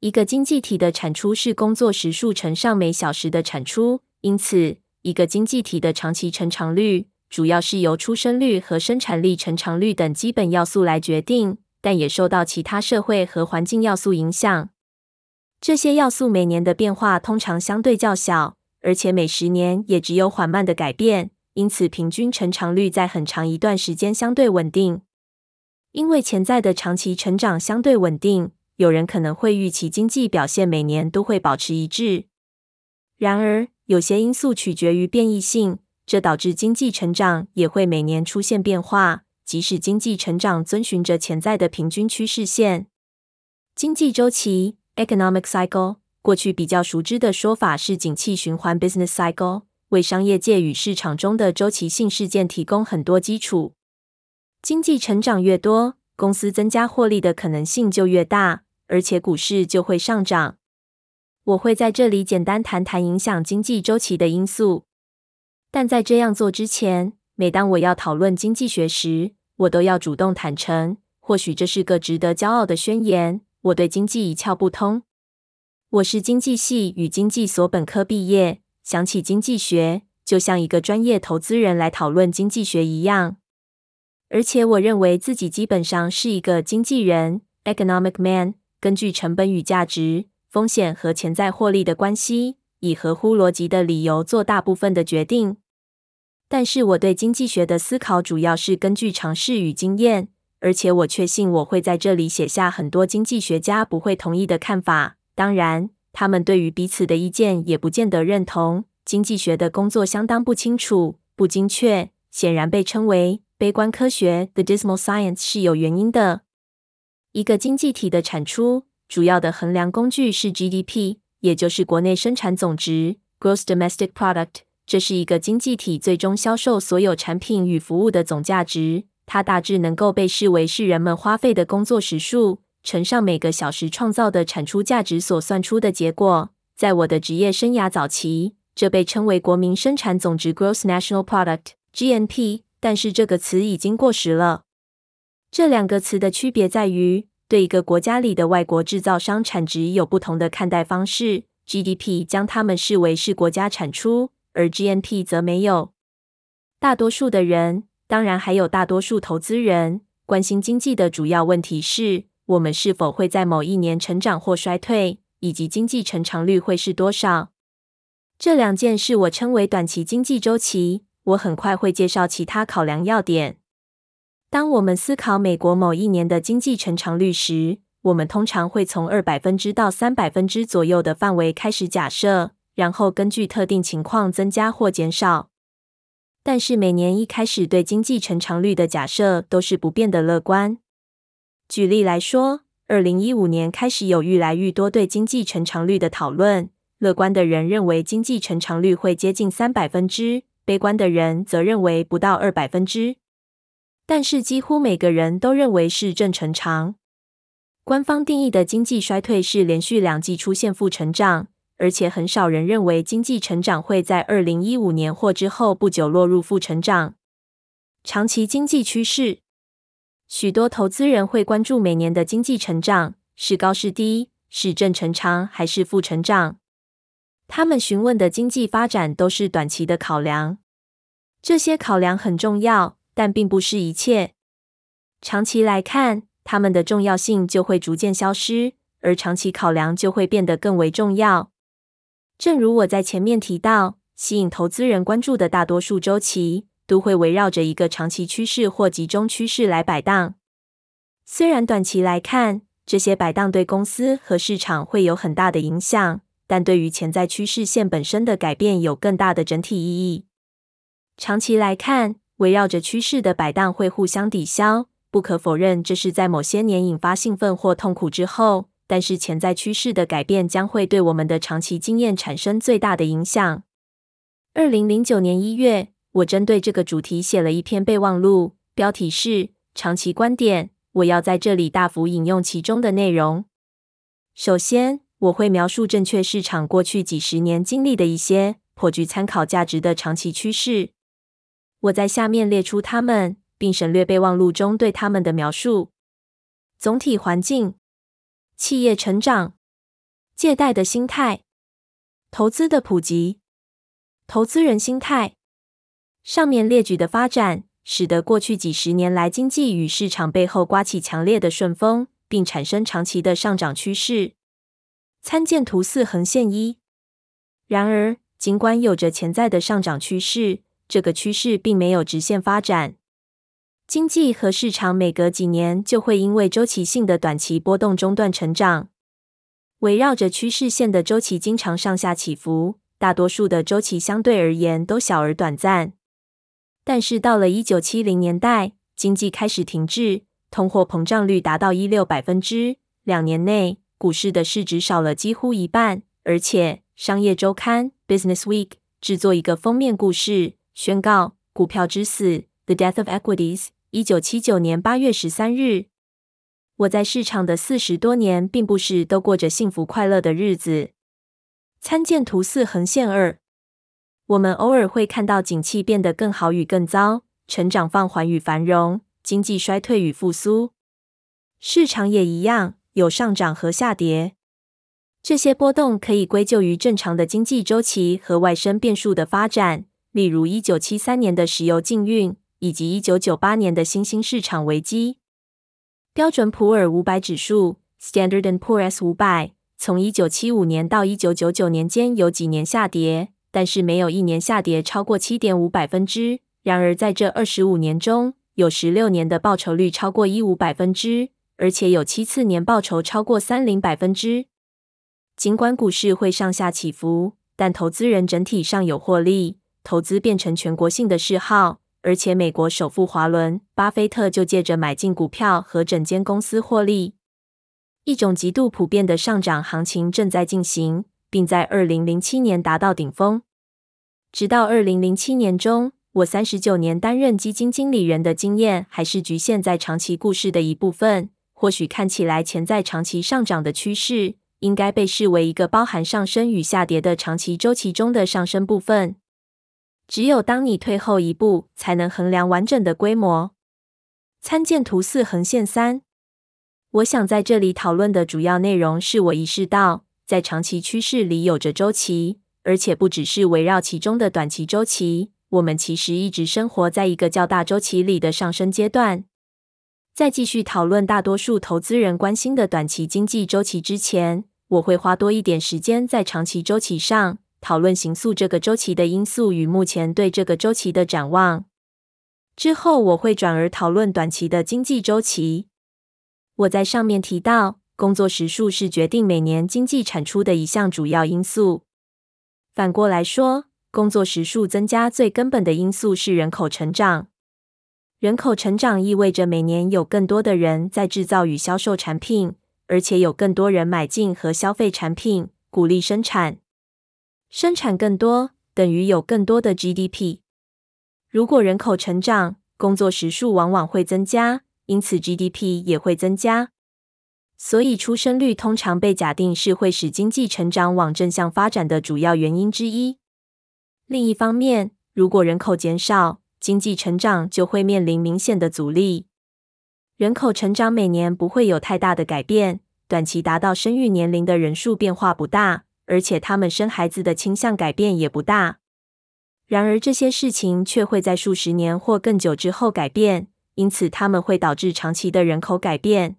一個經濟體的產出是工作時數乘上每小時的產出，因此一個經濟體的長期成長率主要是由出生率和生產力成長率等基本要素來決定，但也受到其他社會和環境要素影響。這些要素每年的變化通常相對較小，而且每十年也只有緩慢的改變，因此平均成長率在很長一段時間相對穩定。因為潛在的長期成長相對穩定。有人可能會預期經濟表現每年都會保持一致，然而有些因素取決於變異性，這導致經濟成長也會每年出現變化，即使經濟成長遵循着潛在的平均趨勢線。經濟周期 （economic cycle） 過去比較熟知的說法是景氣循環 （business cycle），為商業界與市場中的周期性事件提供很多基礎。經濟成長越多，公司增加獲利的可能性就越大。而且股市就會上漲。我會在這裡簡單談談影響經濟週期的因素，但在這樣做之前，每當我要討論經濟學時，我都要主動坦誠。或許這是個值得驕傲的宣言：我對經濟一竅不通。我是經濟系與經濟所本科畢業。想起經濟學，就像一個專業投資人來討論經濟學一樣。而且我認為自己基本上是一個經濟人 （economic man）。根據成本與價值、風險和潛在獲利的關係，以合乎邏輯的理由做大部分的決定。但是，我對經濟學的思考主要是根據嘗試與經驗，而且我確信我會在這裡寫下很多經濟學家不會同意的看法。當然，他們對於彼此的意見也不見得認同。經濟學的工作相當不清楚、不精確，顯然被稱為“悲觀科學 ”（The Dismal Science） 是有原因的。一個經濟體的產出主要的衡量工具是 GDP，也就是國內生產總值 （Gross Domestic Product）。這是一個經濟體最終銷售所有產品與服務的總價值。它大致能夠被視為是人們花費的工作時數乘上每個小時創造的產出價值所算出的結果。在我的職業生涯早期，這被稱為國民生產總值 （Gross National Product, GNP），但是這個詞已經過時了。這兩個詞的區別在於，對一個國家裡的外國制造商產值有不同的看待方式。GDP 將它們視為是國家產出，而 GNP 則沒有。大多數的人，當然還有大多數投資人，關心經濟的主要問題是：我們是否會在某一年成長或衰退，以及經濟成長率會是多少。這兩件事我稱為短期經濟周期。我很快會介紹其他考量要點。當我們思考美國某一年的經濟成長率時，我們通常會從百分之二到百分之三左右的範圍開始假設，然後根據特定情況增加或減少。但是每年一開始對經濟成長率的假設都是不變的樂觀。舉例來說，二零一五年開始有愈來愈多對經濟成長率的討論，樂觀的人認為經濟成長率會接近百分之三，悲觀的人則認為不到百分之二。但是幾乎每個人都認為是正成長。官方定義的經濟衰退是連續兩季出現負成長，而且很少人認為經濟成長會在二零一五年或之後不久落入負成長。長期經濟趨勢，許多投資人會關注每年的經濟成長，是高是低，是正成長還是負成長。他們詢問的經濟發展都是短期的考量。這些考量很重要。但並不是一切。長期來看，它們的重要性就會逐漸消失，而長期考量就會變得更為重要。正如我在前面提到，吸引投資人關注的大多數週期都會圍繞着一個長期趨勢或集中趨勢來擺盪。雖然短期來看，這些擺盪對公司和市場會有很大的影響，但對於潛在趨勢線本身的改變有更大的整體意義。長期來看，圍繞着趨勢的擺盪會互相抵消。不可否認，這是在某些年引發興奮或痛苦之後。但是，潛在趨勢的改變將會對我們的長期經驗產生最大的影響。二零零九年一月，我針對這個主題寫了一篇備忘錄，標題是《長期觀點》。我要在這裡大幅引用其中的內容。首先，我會描述證券市場過去幾十年經歷的一些頗具參考價值的長期趨勢。我在下面列出他們，並省略備忘錄中對他們的描述。總體環境、企業成長、借貸的心態、投資的普及、投資人心態。上面列舉的發展，使得過去幾十年來經濟與市場背後刮起強烈的順風，並產生長期的上漲趨勢。參見圖四橫線一。然而，儘管有着潛在的上漲趨勢，這個趨勢並沒有直線發展，經濟和市場每隔幾年就會因為周期性的短期波動中斷成長。圍繞着趨勢線的周期經常上下起伏，大多數的周期相對而言都小而短暫。但是到了一九七零年代，經濟開始停滯，通貨膨脹率達到百分之十六，兩年內股市的市值少了幾乎一半，而且《商業周刊》Business Week 製作一個封面故事。宣告股票之死，The Death of Equities。一九七九年八月十三日，我在市場的四十多年，並不是都過着幸福快樂的日子。參見圖四橫線二。我們偶爾會看到景氣變得更好與更糟，成長放緩與繁榮，經濟衰退與復甦。市場也一樣有上漲和下跌。這些波動可以歸咎於正常的經濟週期和外生變數的發展。例如，一九七三年的石油禁運，以及一九九八年的新興市場危機。標準普爾五百指數 （Standard and Poor's 五百）從一九七五年到一九九九年間有幾年下跌，但是沒有一年下跌超過百分之七點五。然而，在這二十五年中，有十六年的報酬率超過百分之十五，而且有七次年報酬超過百分之三十。儘管股市會上下起伏，但投資人整體上有獲利。投資變成全國性的嗜好，而且美國首富華倫·巴菲特就借着買進股票和整間公司獲利。一種極度普遍的上漲行情正在進行，並在二零零七年達到頂峰。直到二零零七年中，我三十九年擔任基金經理人的經驗還是局限在長期故事的一部分。或許看起來潛在長期上漲的趨勢，應該被視為一個包含上升與下跌的長期周期中的上升部分。只有當你退後一步，才能衡量完整的規模。參見圖四橫線三。我想在這裡討論的主要內容是我意識到，在長期趨勢裡有着周期，而且不只是圍繞其中的短期周期。我們其實一直生活在一個較大周期裡的上升階段。在繼續討論大多數投資人關心的短期經濟周期之前，我會花多一點時間在長期周期上。討論形塑這個周期的因素與目前對這個周期的展望。之後我會轉而討論短期的經濟周期。我在上面提到，工作時數是決定每年經濟產出的一項主要因素。反過來說，工作時數增加最根本的因素是人口成長。人口成長意味着每年有更多的人在制造與銷售產品，而且有更多人買進和消費產品，鼓勵生產。生產更多等於有更多的 GDP。如果人口成長，工作時數往往會增加，因此 GDP 也會增加。所以出生率通常被假定是會使經濟成長往正向發展的主要原因之一。另一方面，如果人口減少，經濟成長就會面臨明顯的阻力。人口成長每年不會有太大的改變，短期達到生育年齡的人數變化不大。而且他們生孩子的傾向改變也不大。然而，這些事情卻會在數十年或更久之後改變，因此他們會導致長期的人口改變。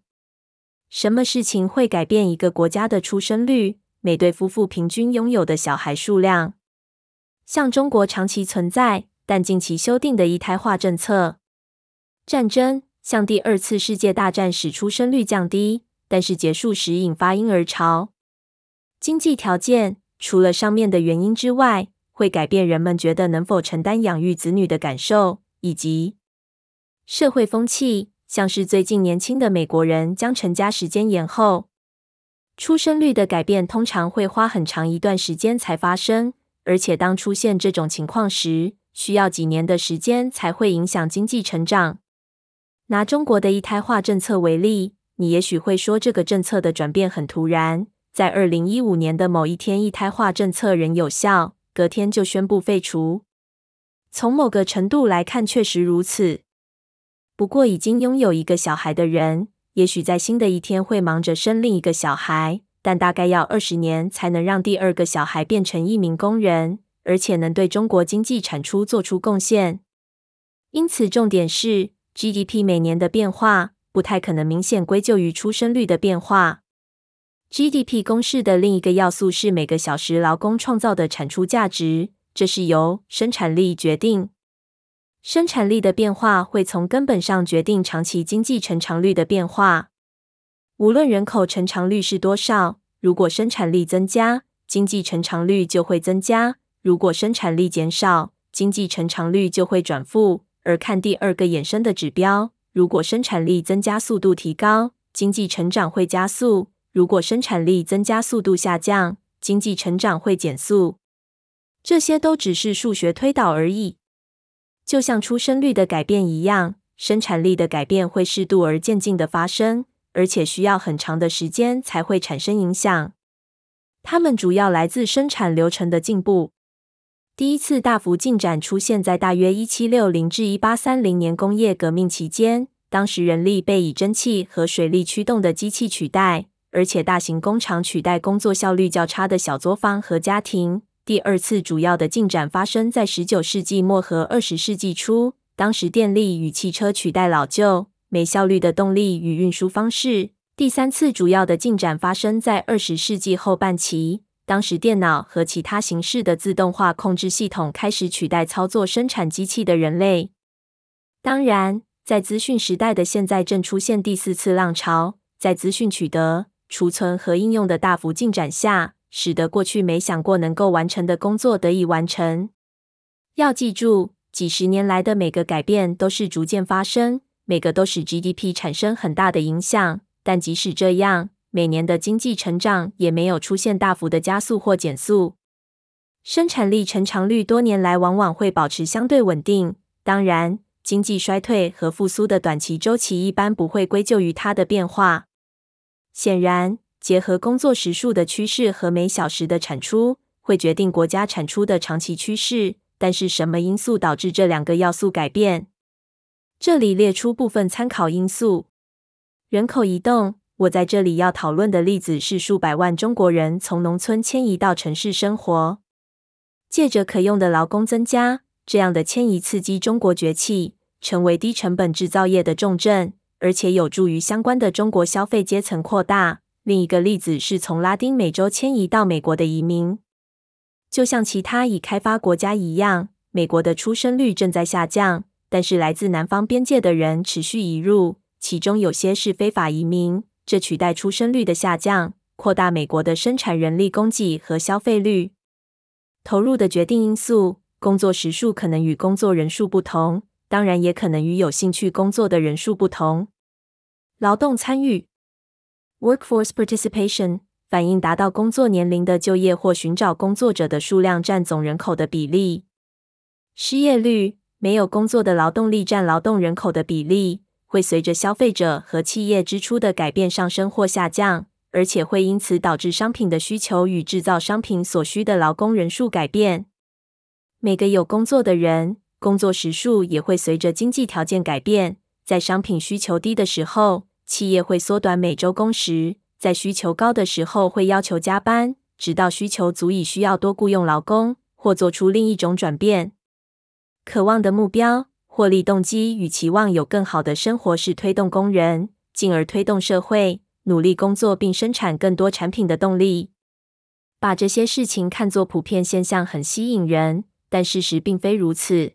什麼事情會改變一個國家的出生率？每對夫婦平均擁有的小孩數量，像中國長期存在但近期修訂的一胎化政策、戰爭，像第二次世界大戰時出生率降低，但是結束時引發嬰兒潮。經濟條件，除了上面的原因之外，會改變人們覺得能否承擔養育子女的感受，以及社會風氣。像是最近年輕的美國人將成家時間延後。出生率的改變通常會花很長一段時間才發生，而且當出現這種情況時，需要幾年的時間才會影響經濟成長。拿中國的一胎化政策為例，你也許會說這個政策的轉變很突然。在二零一五年的某一天，一胎化政策仍有效，隔天就宣布廢除。從某個程度來看，確實如此。不過，已經擁有一個小孩的人，也許在新的一天會忙着生另一個小孩，但大概要二十年才能讓第二個小孩變成一名工人，而且能對中國經濟產出做出貢獻。因此，重點是 GDP 每年的變化不太可能明顯歸咎於出生率的變化。GDP 公式的另一個要素是每個小時勞工創造的產出價值，這是由生產力決定。生產力的變化會從根本上決定長期經濟成長率的變化。無論人口成長率是多少，如果生產力增加，經濟成長率就會增加；如果生產力減少，經濟成長率就會轉負。而看第二個衍生的指標，如果生產力增加速度提高，經濟成長會加速。如果生產力增加速度下降，經濟成長會減速。這些都只是數學推導而已。就像出生率的改變一樣，生產力的改變會適度而漸進的發生，而且需要很長的時間才會產生影響。它們主要來自生產流程的進步。第一次大幅進展出現在大約1760至1830年工業革命期間，當時人力被以蒸汽和水力驅動的機器取代。而且，大型工廠取代工作效率較差的小作坊和家庭。第二次主要的進展發生在十九世紀末和二十世紀初，當時電力與汽車取代老舊、沒效率的動力與運輸方式。第三次主要的進展發生在二十世紀後半期，當時電腦和其他形式的自動化控制系統開始取代操作生產機器的人類。當然，在資訊時代的現在，正出現第四次浪潮，在資訊取得。儲存和應用的大幅進展下，使得過去沒想過能夠完成的工作得以完成。要記住，幾十年來的每個改變都是逐漸發生，每個都使 GDP 產生很大的影響，但即使這樣，每年的經濟成長也沒有出現大幅的加速或減速。生產力成長率多年來往往會保持相對穩定。當然，經濟衰退和復甦的短期週期一般不會歸咎於它的變化。顯然，結合工作時數的趨勢和每小時的產出，會決定國家產出的長期趨勢。但是，什麼因素導致這兩個要素改變？這裡列出部分參考因素：人口移動。我在這裡要討論的例子是數百萬中國人從農村遷移到城市生活，借着可用的勞工增加，這樣的遷移刺激中國崛起，成為低成本製造業的重鎮。而且有助於相關的中國消費階層擴大。另一個例子是從拉丁美洲遷移到美國的移民，就像其他已開發國家一樣，美國的出生率正在下降，但是來自南方邊界的人持續移入，其中有些是非法移民，這取代出生率的下降，擴大美國的生產人力供給和消費率。投入的決定因素，工作時數可能與工作人數不同。當然，也可能與有興趣工作的人數不同。勞動參與 （workforce participation） 反映達到工作年齡的就業或尋找工作者的數量占總人口的比例。失業率（沒有工作的勞動力占勞動人口的比例）會隨着消費者和企業支出的改變上升或下降，而且會因此導致商品的需求與製造商品所需的勞工人數改變。每個有工作的人。工作時數也會隨着經濟條件改變。在商品需求低的時候，企業會縮短每周工時；在需求高的時候，會要求加班，直到需求足以需要多僱傭勞工，或做出另一種轉變。渴望的目標、獲利動機與期望有更好的生活是推動工人，進而推動社會努力工作並生產更多產品的動力。把這些事情看作普遍現象很吸引人，但事實並非如此。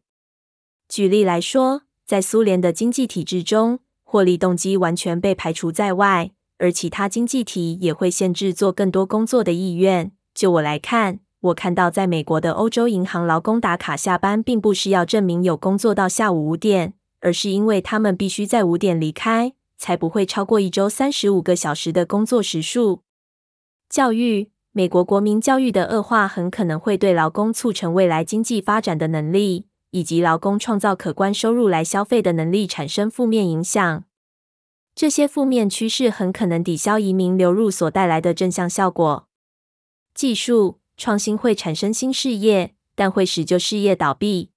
舉例來說，在蘇聯的經濟體制中，獲利動機完全被排除在外，而其他經濟體也會限制做更多工作的意願。就我來看，我看到在美國的歐洲銀行，勞工打卡下班，並不是要證明有工作到下午五點，而是因為他們必須在五點離開，才不會超過一周三十五個小時的工作時數。教育，美國國民教育的惡化，很可能會對勞工促成未來經濟發展的能力。以及勞工創造可觀收入來消費的能力產生負面影響。這些負面趨勢很可能抵消移民流入所帶來的正向效果。技術創新會產生新事業，但會使舊事業倒閉。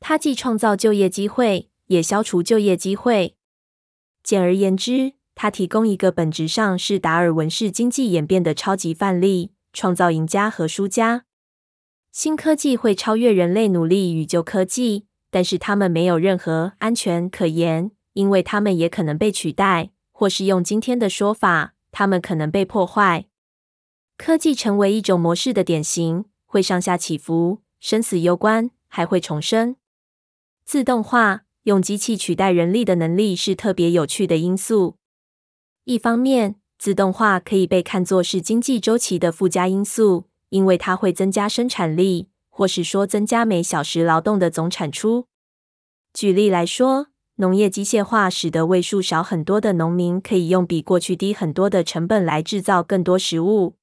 它既創造就業機會，也消除就業機會。簡而言之，它提供一個本質上是達爾文式經濟演變的超級範例，創造贏家和輸家。新科技會超越人類努力與舊科技，但是它們沒有任何安全可言，因為它們也可能被取代，或是用今天的說法，它們可能被破壞。科技成為一種模式的典型，會上下起伏，生死攸關，還會重生。自動化，用機器取代人力的能力是特別有趣的因素。一方面，自動化可以被看作是經濟周期的附加因素。因為它會增加生產力，或是說增加每小時勞動的總產出。舉例來說，農業機械化使得為數少很多的農民可以用比過去低很多的成本來制造更多食物。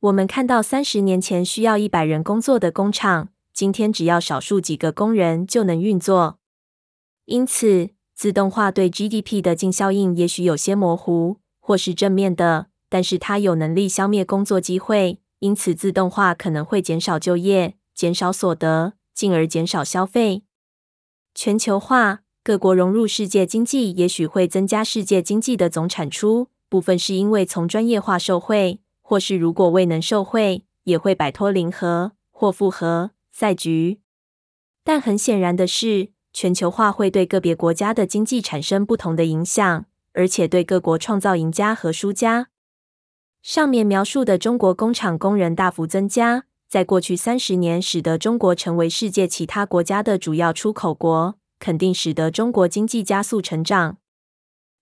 我們看到三十年前需要一百人工作的工廠，今天只要少數幾個工人就能運作。因此，自動化對 GDP 的淨效應也許有些模糊，或是正面的，但是它有能力消滅工作機會。因此，自動化可能會減少就業，減少所得，進而減少消費。全球化，各國融入世界經濟，也許會增加世界經濟的總產出，部分是因為從專業化受惠，或是如果未能受惠，也會擺脫零和或複合賽局。但很顯然的是，全球化會對個別國家的經濟產生不同的影響，而且對各國創造贏家和輸家。上面描述的中國工廠工人大幅增加，在過去三十年使得中國成為世界其他國家的主要出口國，肯定使得中國經濟加速成長。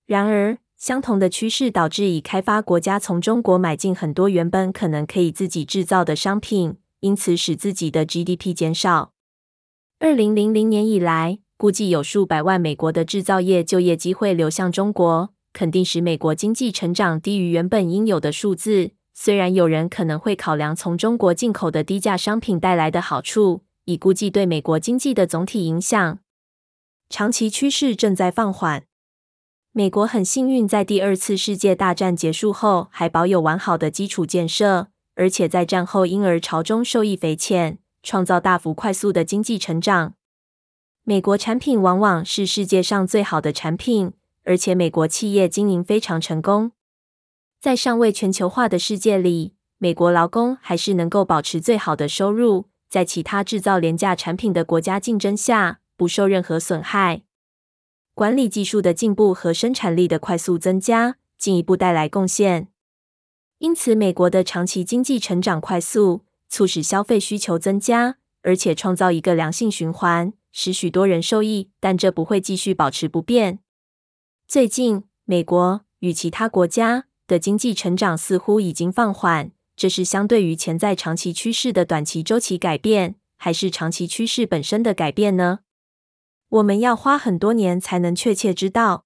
然而，相同的趨勢導致已開發國家從中國買進很多原本可能可以自己製造的商品，因此使自己的 GDP 減少。二零零零年以來，估計有數百萬美國的製造業就業機會流向中國。肯定使美國經濟成長低於原本應有的數字。雖然有人可能會考量從中國進口的低價商品帶來的好處，以估計對美國經濟的總體影響。長期趨勢正在放緩。美國很幸運，在第二次世界大戰結束後還保有完好的基礎建設，而且在戰後嬰兒潮中受益匪淺，創造大幅快速的經濟成長。美國產品往往是世界上最好的產品。而且，美國企業經營非常成功。在尚未全球化的世界裡，美國勞工還是能夠保持最好的收入，在其他制造廉價產品的國家競爭下，不受任何損害。管理技術的進步和生產力的快速增加，進一步帶來貢獻。因此，美國的長期經濟成長快速，促使消費需求增加，而且創造一個良性循環，使許多人受益，但這不會繼續保持不變。最近，美國與其他國家的經濟成長似乎已經放緩。這是相對於潛在長期趨勢的短期週期改變，還是長期趨勢本身的改變呢？我們要花很多年才能確切知道。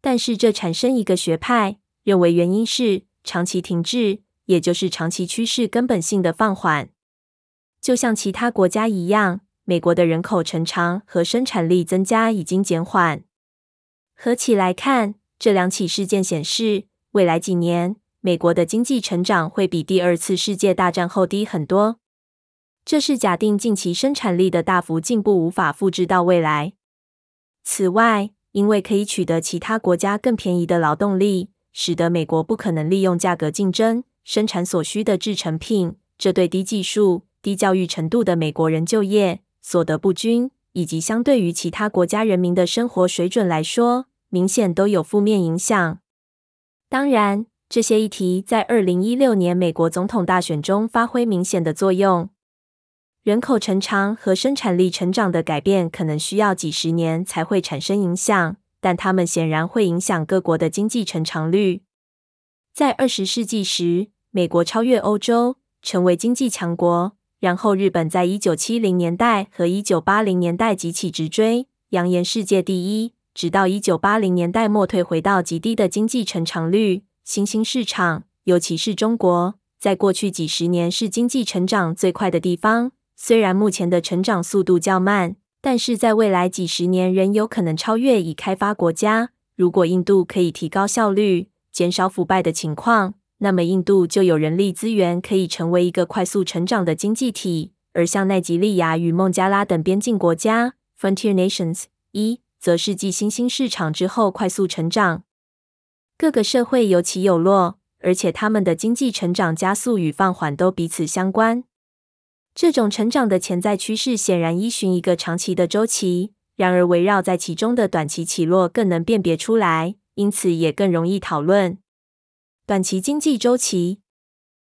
但是，這產生一個學派，認為原因是長期停滯，也就是長期趨勢根本性的放緩。就像其他國家一樣，美國的人口成長和生產力增加已經減緩。合起來看，這兩起事件顯示，未來幾年美國的經濟成長會比第二次世界大戰後低很多。這是假定近期生產力的大幅進步無法複製到未來。此外，因為可以取得其他國家更便宜的勞動力，使得美國不可能利用價格競爭生產所需的製成品，這對低技術、低教育程度的美國人就業、所得不均以及相對於其他國家人民的生活水準來說，明顯都有負面影響。當然，這些議題在二零一六年美國總統大選中發揮明顯的作用。人口成長和生產力成長的改變可能需要幾十年才會產生影響，但它們顯然會影響各國的經濟成長率。在二十世紀時，美國超越歐洲，成為經濟強國。然後，日本在一九七零年代和一九八零年代急起直追，揚言世界第一。直到一九八零年代末退回到極低的經濟成長率。新興市場，尤其是中國，在過去幾十年是經濟成長最快的地方。雖然目前的成長速度較慢，但是在未來幾十年仍有可能超越已開發國家。如果印度可以提高效率、減少腐敗的情況，那麼印度就有人力資源可以成為一個快速成長的經濟體。而像奈及利亞與孟加拉等邊境國家 （Frontier Nations） 一。則是繼新興市場之後快速成長，各個社會有起有落，而且他們的經濟成長加速與放緩都彼此相關。這種成長的潛在趨勢顯然依循一個長期的週期，然而圍繞在其中的短期起落更能辨別出來，因此也更容易討論短期經濟週期。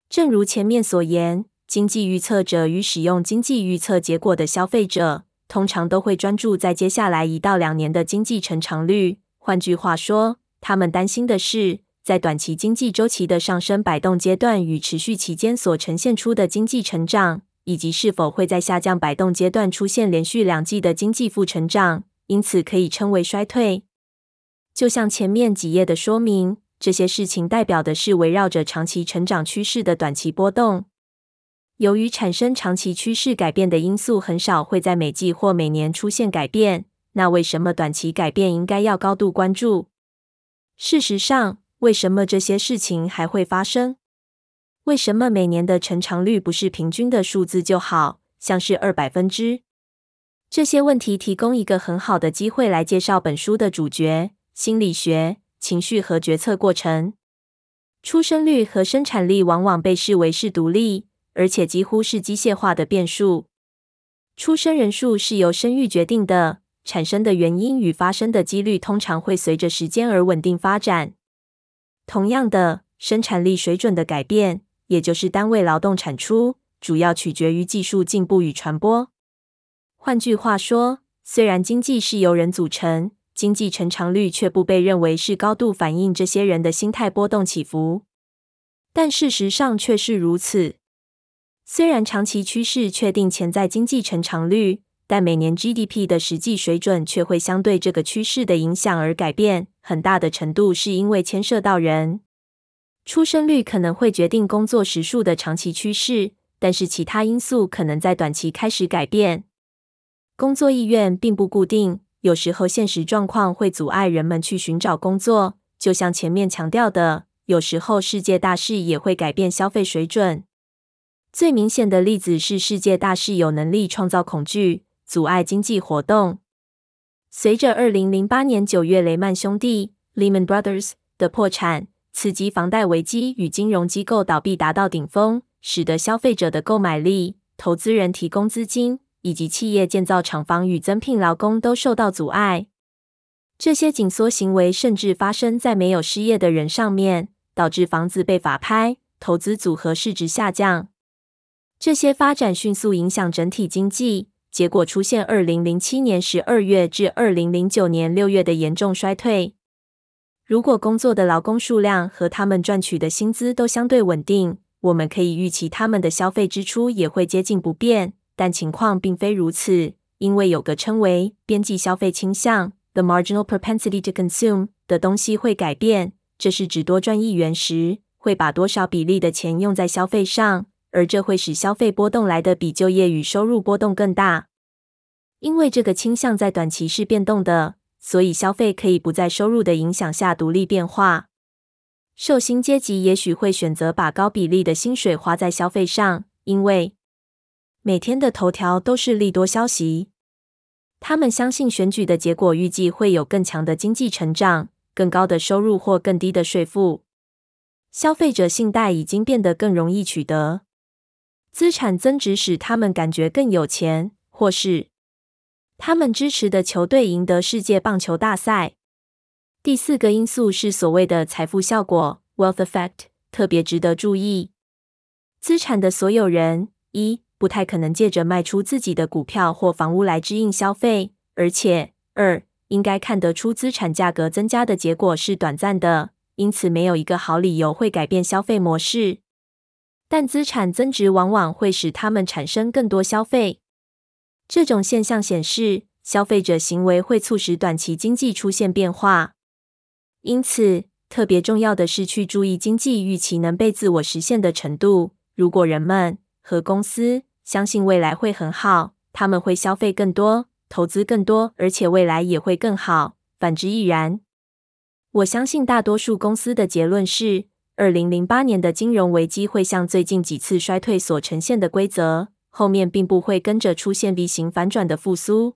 正如前面所言，經濟預測者與使用經濟預測結果的消費者。通常都會專注在接下來一到兩年的經濟成長率。換句話說，他們擔心的是，在短期經濟週期的上升擺動階段與持續期間所呈現出的經濟成長，以及是否會在下降擺動階段出現連續兩季的經濟負成長，因此可以稱為衰退。就像前面幾頁的說明，這些事情代表的是圍繞着長期成長趨勢的短期波動。由於產生長期趨勢改變的因素很少會在每季或每年出現改變，那為什麼短期改變應該要高度關注？事實上，為什麼這些事情還會發生？為什麼每年的成長率不是平均的數字就好，像是2%？這些問題提供一個很好的機會來介紹本書的主角——心理學、情緒和決策過程。出生率和生產力往往被視為是獨立。而且幾乎是機械化的變數。出生人數是由生育決定的，產生的原因與發生的幾率通常會隨着時間而穩定發展。同樣的，生產力水準的改變，也就是單位勞動產出，主要取決於技術進步與傳播。換句話說，雖然經濟是由人組成，經濟成長率卻不被認為是高度反映這些人的心態波動起伏，但事實上卻是如此。雖然長期趨勢確定潛在經濟成長率，但每年 GDP 的實際水準卻會相對這個趨勢的影響而改變，很大的程度是因為牽涉到人。出生率可能會決定工作時數的長期趨勢，但是其他因素可能在短期開始改變。工作意願並不固定，有時候現實狀況會阻礙人們去尋找工作，就像前面強調的，有時候世界大勢也會改變消費水準。最明顯的例子是世界大事有能力創造恐懼，阻礙經濟活動。隨着二零零八年九月雷曼兄弟 （Lehman Brothers） 的破產，次級房貸危機與金融機構倒閉達到頂峰，使得消費者的購買力、投資人提供資金以及企業建造廠房與增聘勞工都受到阻礙。這些緊縮行為甚至發生在沒有失業的人上面，導致房子被法拍，投資組合市值下降。這些發展迅速影響整體經濟，結果出現二零零七年十二月至二零零九年六月的嚴重衰退。如果工作的勞工數量和他們賺取的薪資都相對穩定，我們可以預期他們的消費支出也會接近不變。但情況並非如此，因為有個稱為邊際消費傾向 （the marginal propensity to consume） 的東西會改變。這是指多賺一元時，會把多少比例的錢用在消費上。而這會使消費波動來得比就業與收入波動更大，因為這個傾向在短期是變動的，所以消費可以不在收入的影響下獨立變化。受薪階級也許會選擇把高比例的薪水花在消費上，因為每天的頭條都是利多消息。他們相信選舉的結果預計會有更強的經濟成長、更高的收入或更低的稅負。消費者信貸已經變得更容易取得。資產增值使他們感覺更有錢，或是他們支持的球隊贏得世界棒球大賽。第四個因素是所謂的財富效果，wealth effect，特別值得注意。資產的所有人，一，不太可能借着賣出自己的股票或房屋來支應消費，而且，二，應該看得出資產價格增加的結果是短暫的，因此沒有一個好理由會改變消費模式。但資產增值往往會使他們產生更多消費。這種現象顯示，消費者行為會促使短期經濟出現變化。因此，特別重要的是去注意經濟預期能被自我實現的程度。如果人們和公司相信未來會很好，他們會消費更多、投資更多，而且未來也會更好，反之亦然。我相信大多數公司的結論是，二零零八年的金融危機會像最近幾次衰退所呈現的規則，後面並不會跟着出現 V 型反轉的復甦。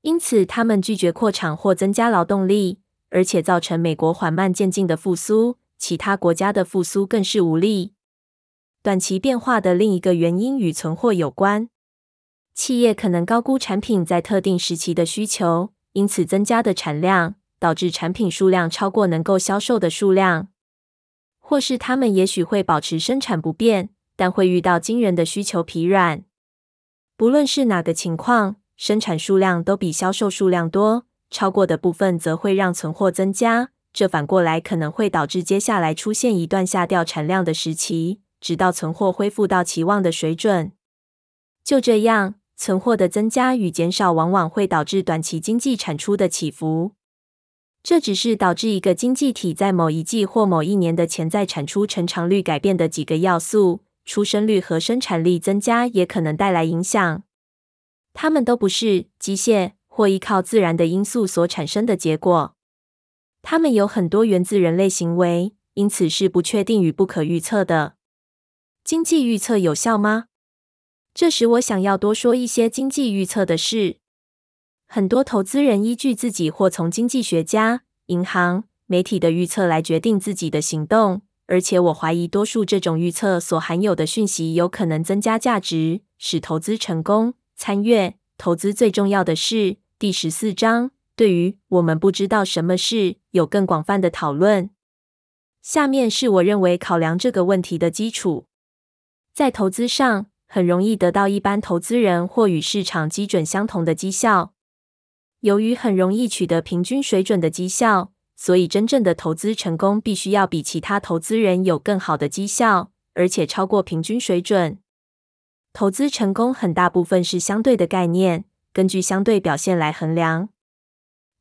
因此，他們拒絕擴產或增加勞動力，而且造成美國緩慢漸進的復甦，其他國家的復甦更是無力。短期變化的另一個原因與存貨有關，企業可能高估產品在特定時期的需求，因此增加的產量導致產品數量超過能夠銷售的數量。或是他們也許會保持生產不變，但會遇到驚人的需求疲軟。不論是哪個情況，生產數量都比銷售數量多，超過的部分則會讓存貨增加。這反過來可能會導致接下來出現一段下調產量的時期，直到存貨恢復到期望的水準。就這樣，存貨的增加與減少往往會導致短期經濟產出的起伏。這只是導致一個經濟體在某一季或某一年的潛在產出成長率改變的幾個要素，出生率和生產力增加也可能帶來影響。它們都不是機械或依靠自然的因素所產生的結果。它們有很多源自人類行為，因此是不確定與不可預測的。經濟預測有效嗎？這時我想要多說一些經濟預測的事。很多投資人依據自己或從經濟學家、銀行、媒體的預測來決定自己的行動，而且我懷疑多數這種預測所含有的訊息有可能增加價值，使投資成功。參閱投資最重要的事第十四章，對於我們不知道什麼事有更廣泛的討論。下面是我認為考量這個問題的基礎。在投資上，很容易得到一般投資人或與市場基準相同的績效。由於很容易取得平均水準的績效，所以真正的投資成功必須要比其他投資人有更好的績效，而且超過平均水準。投資成功很大部分是相對的概念，根據相對表現來衡量。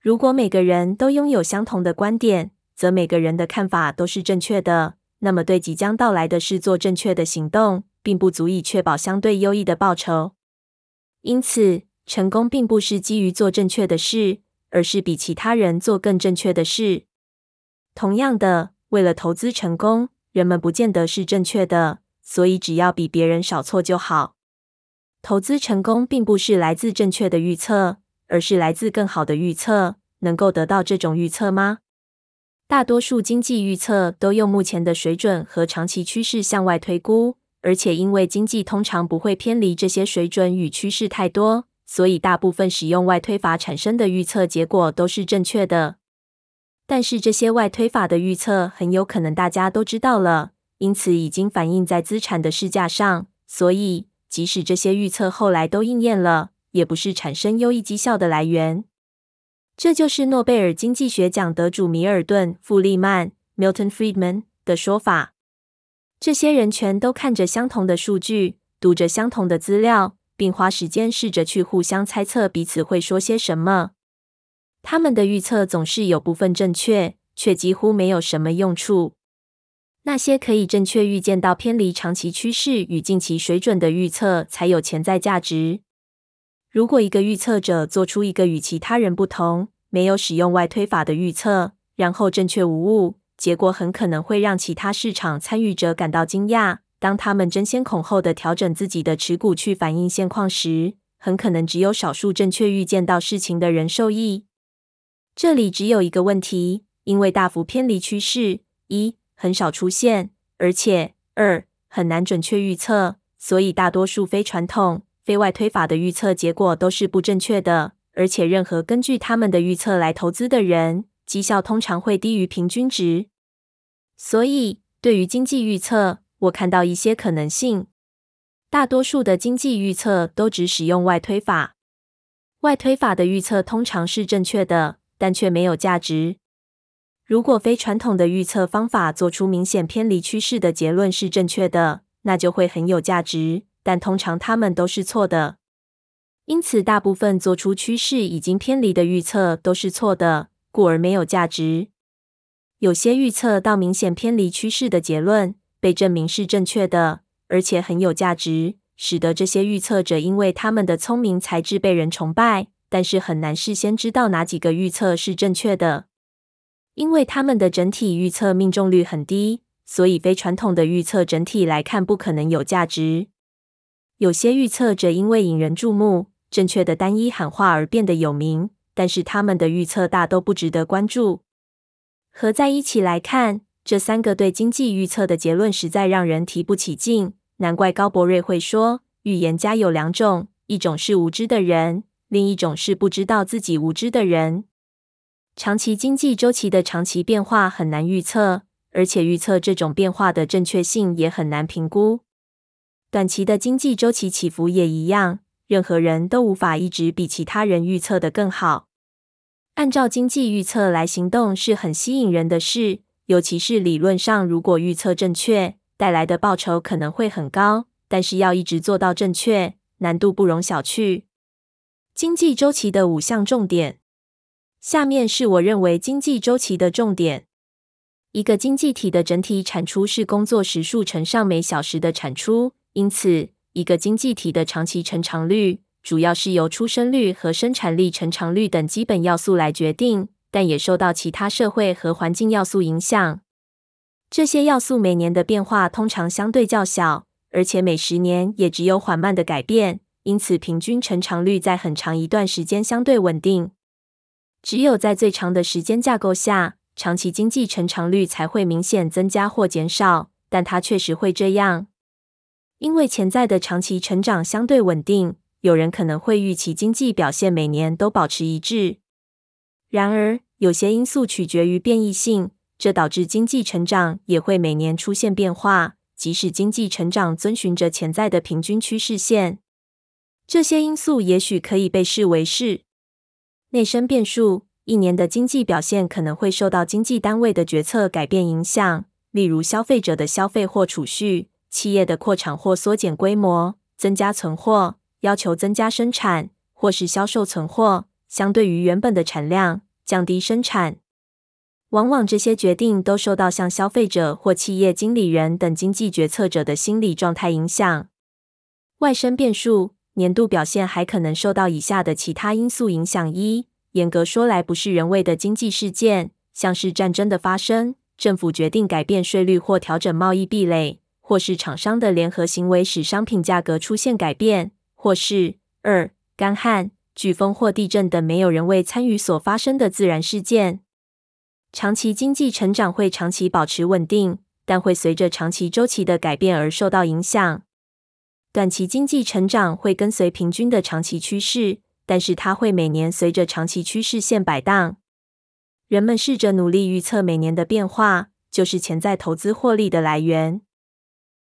如果每個人都擁有相同的觀點，則每個人的看法都是正確的。那麼，對即將到來的事做正確的行動，並不足以確保相對優異的報酬。因此。成功並不是基於做正確的事，而是比其他人做更正確的事。同樣的，為了投資成功，人們不見得是正確的，所以只要比別人少錯就好。投資成功並不是來自正確的預測，而是來自更好的預測。能夠得到這種預測嗎？大多數經濟預測都用目前的水準和長期趨勢向外推估，而且因為經濟通常不會偏離這些水準與趨勢太多。所以，大部分使用外推法產生的預測結果都是正確的。但是，這些外推法的預測很有可能大家都知道了，因此已經反映在資產的市價上。所以，即使這些預測後來都應驗了，也不是產生優異績效的來源。這就是諾貝爾經濟學獎得主米爾頓·弗利曼 （Milton Friedman） 的說法。這些人全都看着相同的數據，讀着相同的資料。並花時間試着去互相猜測彼此會說些什麼。他們的預測總是有部分正確，卻幾乎沒有什麼用處。那些可以正確預見到偏離長期趨勢與近期水準的預測才有潛在價值。如果一個預測者做出一個與其他人不同、沒有使用外推法的預測，然後正確無誤，結果很可能會讓其他市場參與者感到驚訝。當他們爭先恐後的調整自己的持股去反映現況時，很可能只有少數正確預見到事情的人受益。這裡只有一個問題，因為大幅偏離趨勢，一、很少出現，而且二、很難準確預測，所以大多數非傳統非外推法的預測結果都是不正確的，而且任何根據他們的預測來投資的人，績效通常會低於平均值。所以對於經濟預測，我看到一些可能性。大多數的經濟預測都只使用外推法。外推法的預測通常是正確的，但卻沒有價值。如果非傳統的預測方法做出明顯偏離趨勢的結論是正確的，那就會很有價值，但通常它們都是錯的。因此，大部分做出趨勢已經偏離的預測都是錯的，故而沒有價值。有些預測到明顯偏離趨勢的結論。被證明是正確的，而且很有價值，使得這些預測者因為他們的聰明才智被人崇拜，但是很難事先知道哪幾個預測是正確的，因為他們的整體預測命中率很低，所以非傳統的預測整體來看不可能有價值。有些預測者因為引人注目、正確的單一喊話而變得有名，但是他們的預測大都不值得關注。合在一起來看，這三個對經濟預測的結論實在讓人提不起勁，難怪高伯瑞會說，預言家有兩種，一種是無知的人，另一種是不知道自己無知的人。長期經濟週期的長期變化很難預測，而且預測這種變化的正確性也很難評估。短期的經濟週期起伏也一樣，任何人都無法一直比其他人預測得更好。按照經濟預測來行動是很吸引人的事。尤其是理論上，如果預測正確，帶來的報酬可能會很高。但是要一直做到正確，難度不容小覷。經濟周期的五項重點，下面是我認為經濟周期的重點。一個經濟體的整體產出是工作時數乘上每小時的產出，因此，一個經濟體的長期成長率主要是由出生率和生產力成長率等基本要素來決定。但也受到其他社會和環境要素影響。這些要素每年的變化通常相對較小，而且每十年也只有緩慢的改變，因此平均成長率在很長一段時間相對穩定。只有在最長的時間架構下，長期經濟成長率才會明顯增加或減少。但它確實會這樣，因為潛在的長期成長相對穩定，有人可能會預期經濟表現每年都保持一致。然而，有些因素取決於變異性，這導致經濟成長也會每年出現變化。即使經濟成長遵循着潛在的平均趨勢線，這些因素也許可以被視為是內生變數。一年的經濟表現可能會受到經濟單位的決策改變影響，例如消費者的消費或儲蓄、企業的擴產或縮減規模、增加存貨、要求增加生產或是銷售存貨，相對於原本的產量。降低生產，往往這些決定都受到向消費者或企業經理人等經濟決策者的心理狀態影響。外生變數，年度表現還可能受到以下的其他因素影響：一、嚴格說來不是人為的經濟事件，像是戰爭的發生、政府決定改變稅率或調整貿易壁壘，或是廠商的聯合行為使商品價格出現改變；或是二、乾旱。颶風或地震等沒有人為參與所發生的自然事件。長期經濟成長會長期保持穩定，但會隨着長期週期的改變而受到影響。短期經濟成長會跟隨平均的長期趨勢，但是它會每年隨着長期趨勢線擺盪。人們試着努力預測每年的變化，就是潛在投資獲利的來源。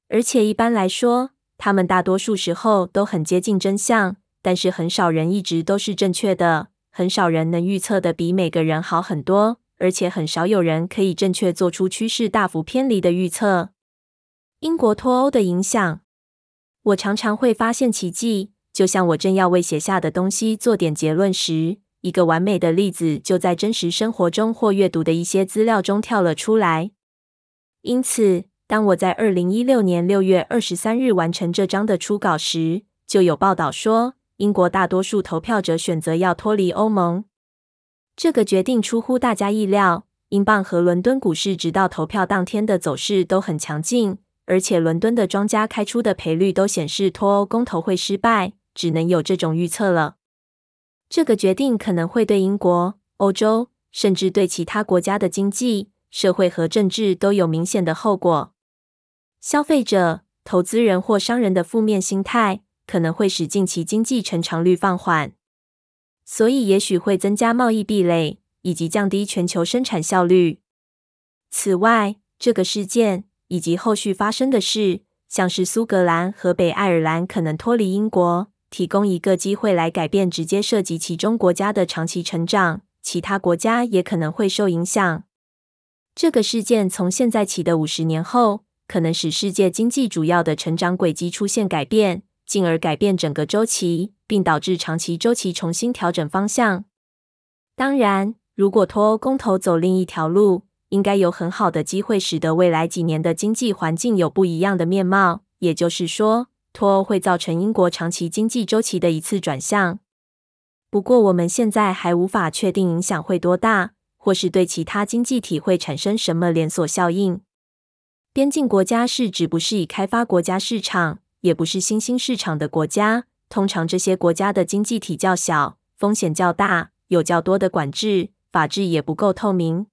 而且一般來說，他們大多數時候都很接近真相。但是很少人一直都是正確的，很少人能預測的比每個人好很多，而且很少有人可以正確做出趨勢大幅偏離的預測。英國脫歐的影響，我常常會發現奇蹟，就像我正要為寫下的東西做點結論時，一個完美的例子就在真實生活中或閱讀的一些資料中跳了出來。因此，當我在二零一六年六月二十三日完成這章的初稿時，就有報道說。英國大多數投票者選擇要脫離歐盟。這個決定出乎大家意料，英鎊和倫敦股市直到投票當天的走勢都很強勁，而且倫敦的莊家開出的賠率都顯示脫歐公投會失敗，只能有這種預測了。這個決定可能會對英國、歐洲，甚至對其他國家的經濟、社會和政治都有明顯的後果。消費者、投資人或商人的負面心態。可能會使近期經濟成長率放緩，所以也許會增加貿易壁壘以及降低全球生產效率。此外，這個事件以及後續發生的事，像是蘇格蘭和北愛爾蘭可能脫離英國，提供一個機會來改變直接涉及其中國家的長期成長，其他國家也可能會受影響。這個事件從現在起的五十年後，可能使世界經濟主要的成長軌跡出現改變。進而改變整個週期，並導致長期週期重新調整方向。當然，如果脫歐公投走另一條路，應該有很好的機會，使得未來幾年的經濟環境有不一樣的面貌。也就是說，脫歐會造成英國長期經濟週期的一次轉向。不過，我們現在還無法確定影響會多大，或是對其他經濟體會產生什麼連鎖效應。邊境國家是指不是已開發國家市場。也不是新興市場的國家，通常這些國家的經濟體較小，風險較大，有較多的管制，法治也不夠透明。